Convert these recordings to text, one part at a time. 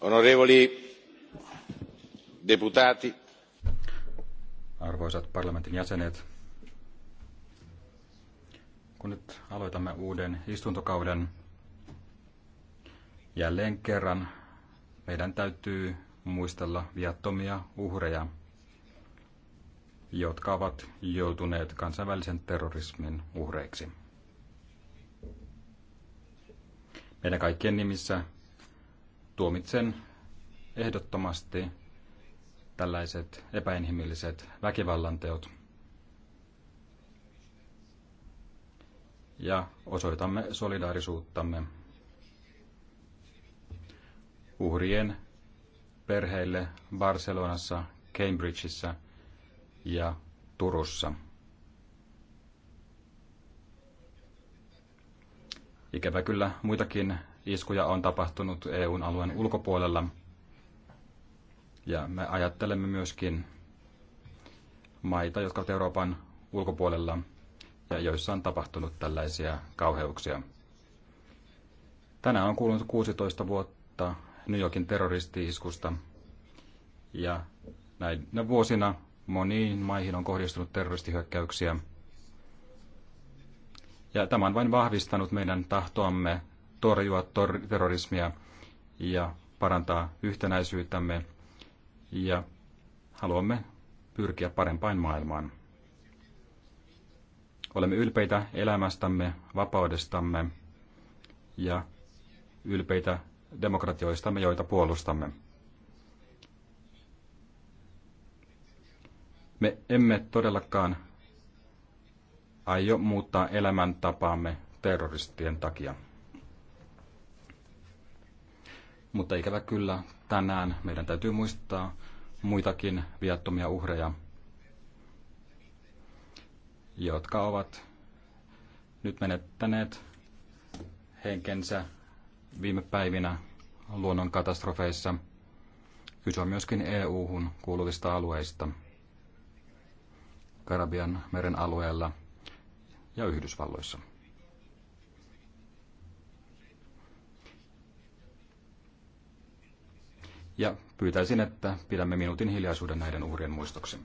onorevoli deputati arvoisat parlamentin jäsenet kun nyt aloitamme uuden istuntokauden jälleen kerran meidän täytyy muistella viattomia uhreja jotka ovat joutuneet kansainvälisen terrorismin uhreiksi. Meidän kaikkien nimissä tuomitsen ehdottomasti tällaiset epäinhimilliset väkivallanteot. Ja osoitamme solidaarisuuttamme uhrien perheille Barcelonassa, Cambridgeissa ja Turussa. Ikävä kyllä muitakin iskuja on tapahtunut EUn alueen ulkopuolella. Ja me ajattelemme myöskin maita, jotka ovat Euroopan ulkopuolella ja joissa on tapahtunut tällaisia kauheuksia. Tänään on kulunut 16 vuotta New Yorkin terroristi-iskusta ja näinä vuosina moniin maihin on kohdistunut terroristihyökkäyksiä. Ja tämä on vain vahvistanut meidän tahtoamme torjua tor- terrorismia ja parantaa yhtenäisyyttämme ja haluamme pyrkiä parempaan maailmaan. Olemme ylpeitä elämästämme, vapaudestamme ja ylpeitä demokratioistamme, joita puolustamme. Me emme todellakaan aio muuttaa elämäntapaamme terroristien takia. Mutta ikävä kyllä tänään meidän täytyy muistaa muitakin viattomia uhreja, jotka ovat nyt menettäneet henkensä viime päivinä luonnon katastrofeissa. Kyse on myöskin EU-hun kuuluvista alueista, Karabian meren alueella ja Yhdysvalloissa. ja pyytäisin, että pidämme minuutin hiljaisuuden näiden uhrien muistoksi.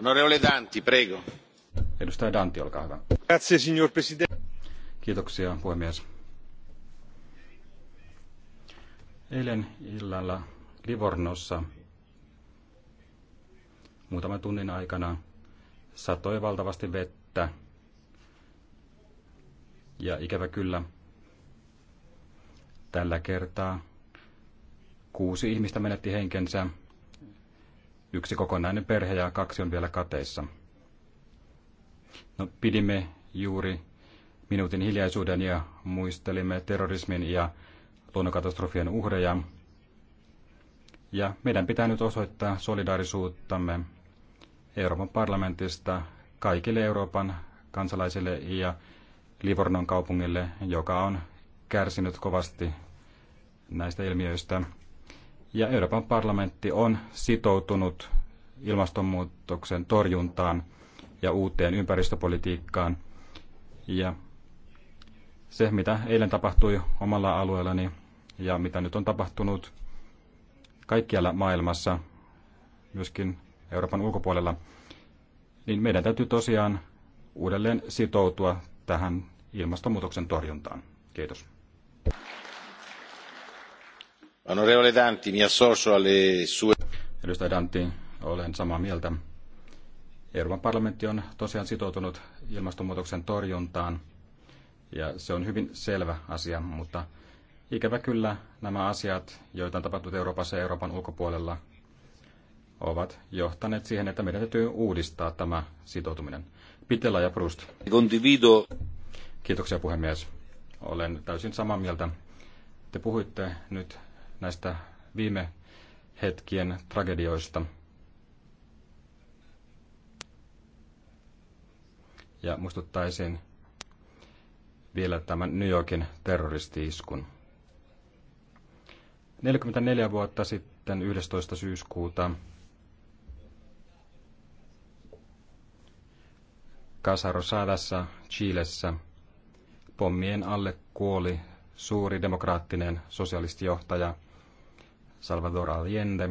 Onorevole Danti, prego. Edustaja Danti, olkaa hyvä. signor Presidente. Kiitoksia, puhemies. Eilen illalla Livornossa muutaman tunnin aikana satoi valtavasti vettä. Ja ikävä kyllä, tällä kertaa kuusi ihmistä menetti henkensä yksi kokonainen perhe ja kaksi on vielä kateissa. No, pidimme juuri minuutin hiljaisuuden ja muistelimme terrorismin ja luonnonkatastrofien uhreja. Ja meidän pitää nyt osoittaa solidaarisuuttamme Euroopan parlamentista kaikille Euroopan kansalaisille ja Livornon kaupungille, joka on kärsinyt kovasti näistä ilmiöistä. Ja Euroopan parlamentti on sitoutunut ilmastonmuutoksen torjuntaan ja uuteen ympäristöpolitiikkaan. Ja se, mitä eilen tapahtui omalla alueellani ja mitä nyt on tapahtunut kaikkialla maailmassa, myöskin Euroopan ulkopuolella, niin meidän täytyy tosiaan uudelleen sitoutua tähän ilmastonmuutoksen torjuntaan. Kiitos. Onorevole Danti, mi associo alle sue... Edustaja Danti, olen samaa mieltä. Euroopan parlamentti on tosiaan sitoutunut ilmastonmuutoksen torjuntaan ja se on hyvin selvä asia, mutta ikävä kyllä nämä asiat, joita on tapahtunut Euroopassa ja Euroopan ulkopuolella, ovat johtaneet siihen, että meidän täytyy uudistaa tämä sitoutuminen. Pitela ja Proust. Condivido. Kiitoksia puhemies. Olen täysin samaa mieltä. Te puhuitte nyt näistä viime hetkien tragedioista. Ja muistuttaisin vielä tämän New Yorkin terroristi-iskun. 44 vuotta sitten 11. syyskuuta Casarosadassa, Chilessä, pommien alle kuoli suuri demokraattinen sosialistijohtaja – Salvador Allende.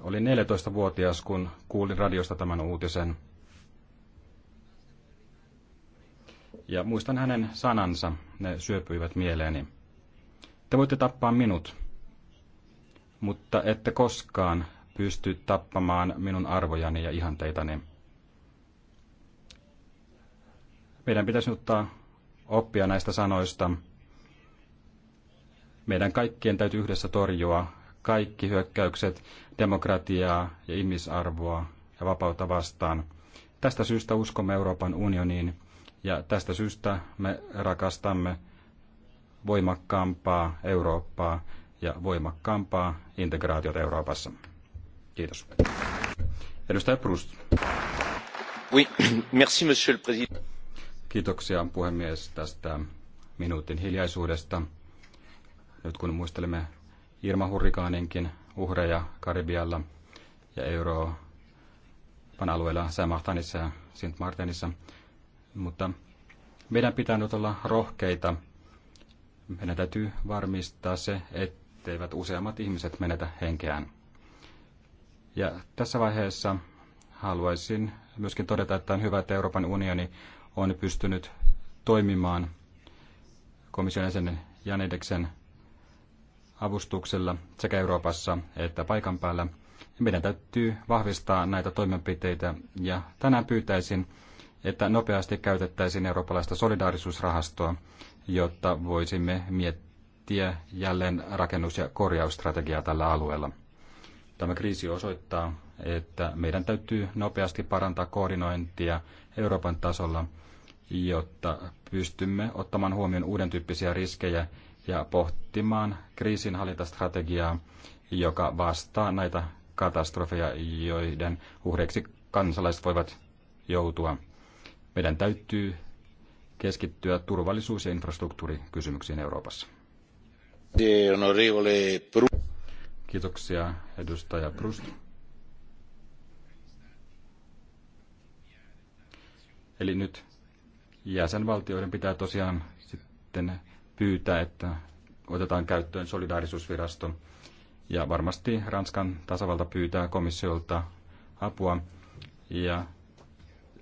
Olin 14-vuotias, kun kuulin radiosta tämän uutisen. Ja muistan hänen sanansa, ne syöpyivät mieleeni. Te voitte tappaa minut, mutta ette koskaan pysty tappamaan minun arvojani ja ihanteitani. Meidän pitäisi ottaa oppia näistä sanoista. Meidän kaikkien täytyy yhdessä torjua kaikki hyökkäykset demokratiaa ja ihmisarvoa ja vapautta vastaan. Tästä syystä uskomme Euroopan unioniin ja tästä syystä me rakastamme voimakkaampaa Eurooppaa ja voimakkaampaa integraatiota Euroopassa. Kiitos. Edustaja Proust. Oui, merci monsieur le président. Kiitoksia puhemies tästä minuutin hiljaisuudesta nyt kun muistelemme Irma-hurrikaaninkin uhreja Karibialla ja Euroopan alueella Sämahtanissa ja Sint Martinissa. Mutta meidän pitää nyt olla rohkeita. Meidän täytyy varmistaa se, etteivät useammat ihmiset menetä henkeään. Ja tässä vaiheessa haluaisin myöskin todeta, että on hyvä, että Euroopan unioni on pystynyt toimimaan komission jäsenen Janideksen Avustuksella sekä Euroopassa että paikan päällä. Meidän täytyy vahvistaa näitä toimenpiteitä ja tänään pyytäisin, että nopeasti käytettäisiin eurooppalaista solidaarisuusrahastoa, jotta voisimme miettiä jälleen rakennus- ja korjausstrategiaa tällä alueella. Tämä kriisi osoittaa, että meidän täytyy nopeasti parantaa koordinointia Euroopan tasolla, jotta pystymme ottamaan huomioon uuden tyyppisiä riskejä ja pohtimaan kriisinhallintastrategiaa, joka vastaa näitä katastrofeja, joiden uhreiksi kansalaiset voivat joutua. Meidän täytyy keskittyä turvallisuus- ja infrastruktuurikysymyksiin Euroopassa. Kiitoksia, edustaja Prust. Eli nyt jäsenvaltioiden pitää tosiaan sitten pyytää, että otetaan käyttöön solidaarisuusvirasto. Ja varmasti Ranskan tasavalta pyytää komissiolta apua. Ja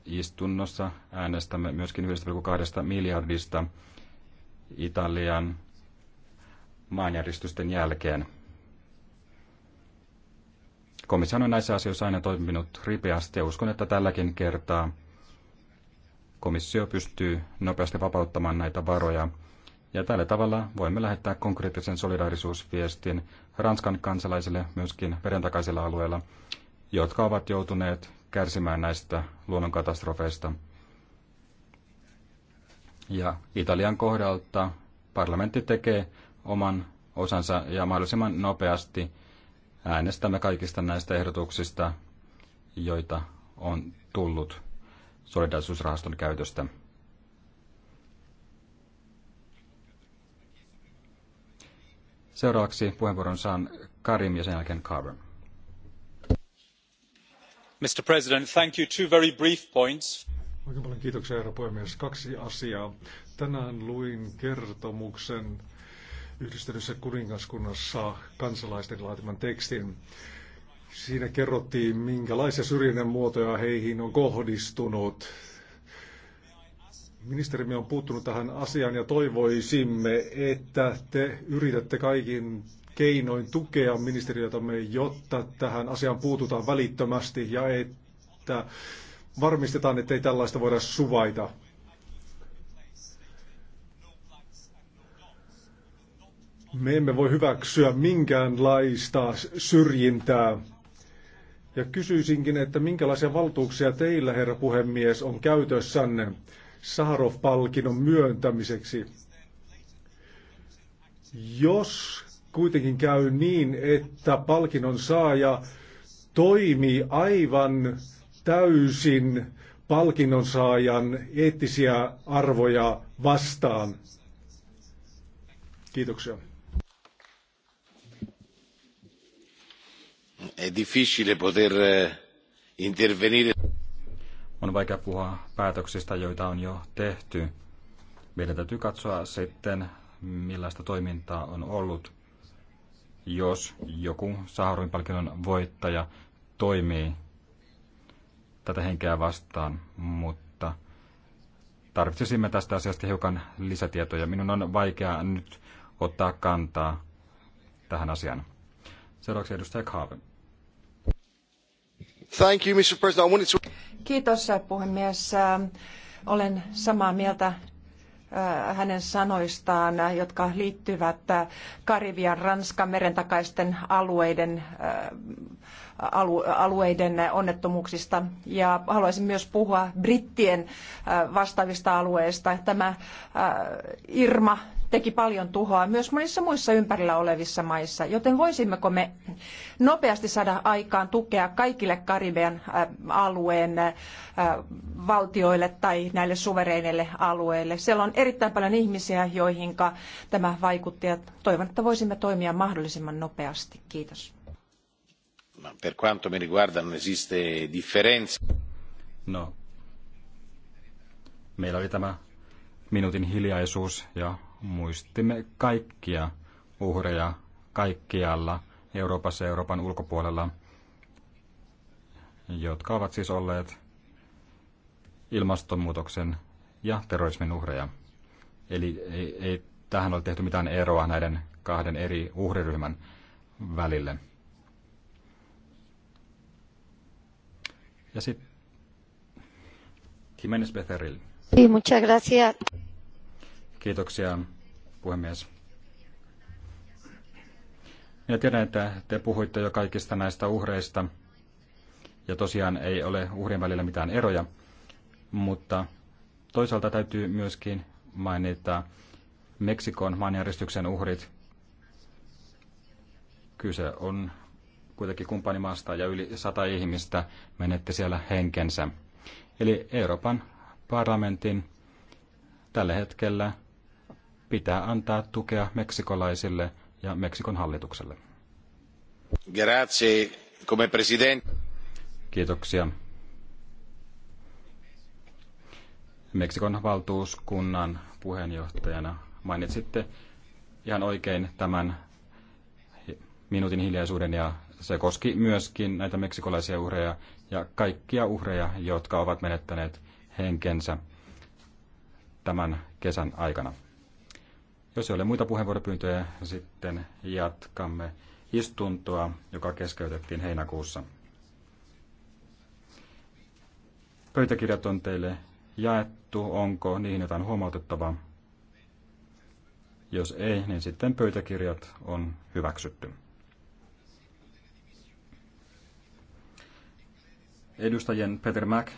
istunnossa äänestämme myöskin 1,2 miljardista Italian maanjärjestysten jälkeen. Komissio on näissä asioissa aina toiminut ripeästi ja uskon, että tälläkin kertaa komissio pystyy nopeasti vapauttamaan näitä varoja ja tällä tavalla voimme lähettää konkreettisen solidaarisuusviestin Ranskan kansalaisille myöskin merentakaisilla alueilla, jotka ovat joutuneet kärsimään näistä luonnonkatastrofeista. Ja Italian kohdalta parlamentti tekee oman osansa ja mahdollisimman nopeasti äänestämme kaikista näistä ehdotuksista, joita on tullut solidaisuusrahaston käytöstä. Seuraavaksi puheenvuoron saan Karim ja sen jälkeen Carver. Mr. President, thank you. Two very brief points. Oikein paljon kiitoksia, herra puhemies. Kaksi asiaa. Tänään luin kertomuksen yhdistyneessä kuningaskunnassa kansalaisten laatiman tekstin. Siinä kerrottiin, minkälaisia syrjinnän muotoja heihin on kohdistunut Ministerimme on puuttunut tähän asiaan ja toivoisimme, että te yritätte kaikin keinoin tukea ministeriötämme, jotta tähän asiaan puututaan välittömästi ja että varmistetaan, ettei tällaista voida suvaita. Me emme voi hyväksyä minkäänlaista syrjintää. Ja kysyisinkin, että minkälaisia valtuuksia teillä, herra puhemies, on käytössänne? Saharov-palkinnon myöntämiseksi. Jos kuitenkin käy niin, että palkinnon saaja toimii aivan täysin palkinnon saajan eettisiä arvoja vastaan. Kiitoksia. È difficile poter eh, intervenire. On vaikea puhua päätöksistä, joita on jo tehty. Meidän täytyy katsoa sitten, millaista toimintaa on ollut, jos joku Saharin palkinnon voittaja toimii tätä henkeä vastaan, mutta tarvitsisimme tästä asiasta hiukan lisätietoja. Minun on vaikea nyt ottaa kantaa tähän asiaan. Seuraavaksi edustaja Kaaven arvoisa Kiitos äh, puhemies. Äh, olen samaa mieltä äh, hänen sanoistaan, jotka liittyvät Karibian, Ranskan merentakaisten alueiden, alueiden Ja haluaisin myös puhua brittien vastaavista alueista. Tämä Irma teki paljon tuhoa myös monissa muissa ympärillä olevissa maissa, joten voisimmeko me nopeasti saada aikaan tukea kaikille Karibian äh, alueen äh, valtioille tai näille suvereineille alueille. Siellä on erittäin paljon ihmisiä, joihinka tämä vaikutti ja toivon, että voisimme toimia mahdollisimman nopeasti. Kiitos. Per quanto mi riguarda non esiste differenza. No, meillä oli tämä minuutin hiljaisuus ja muistimme kaikkia uhreja kaikkialla Euroopassa ja Euroopan ulkopuolella, jotka ovat siis olleet ilmastonmuutoksen ja terrorismin uhreja. Eli ei, ei tähän ole tehty mitään eroa näiden kahden eri uhriryhmän välille. Ja sitten Jiménez Becerril. Sí, muchas gracias. Kiitoksia, puhemies. Minä tiedän, että te puhuitte jo kaikista näistä uhreista, ja tosiaan ei ole uhrien välillä mitään eroja, mutta toisaalta täytyy myöskin mainita Meksikon maanjäristyksen uhrit. Kyse on kuitenkin kumppanimaasta ja yli sata ihmistä menetti siellä henkensä. Eli Euroopan parlamentin tällä hetkellä pitää antaa tukea meksikolaisille ja Meksikon hallitukselle. Grazie, come president. Kiitoksia. Meksikon valtuuskunnan puheenjohtajana mainitsitte ihan oikein tämän minuutin hiljaisuuden ja se koski myöskin näitä meksikolaisia uhreja ja kaikkia uhreja, jotka ovat menettäneet henkensä tämän kesän aikana. Jos ei ole muita puheenvuoropyyntöjä, sitten jatkamme istuntoa, joka keskeytettiin heinäkuussa. Pöytäkirjat on teille jaettu. Onko niihin jotain huomautettavaa? Jos ei, niin sitten pöytäkirjat on hyväksytty. Edustajien Peter Mack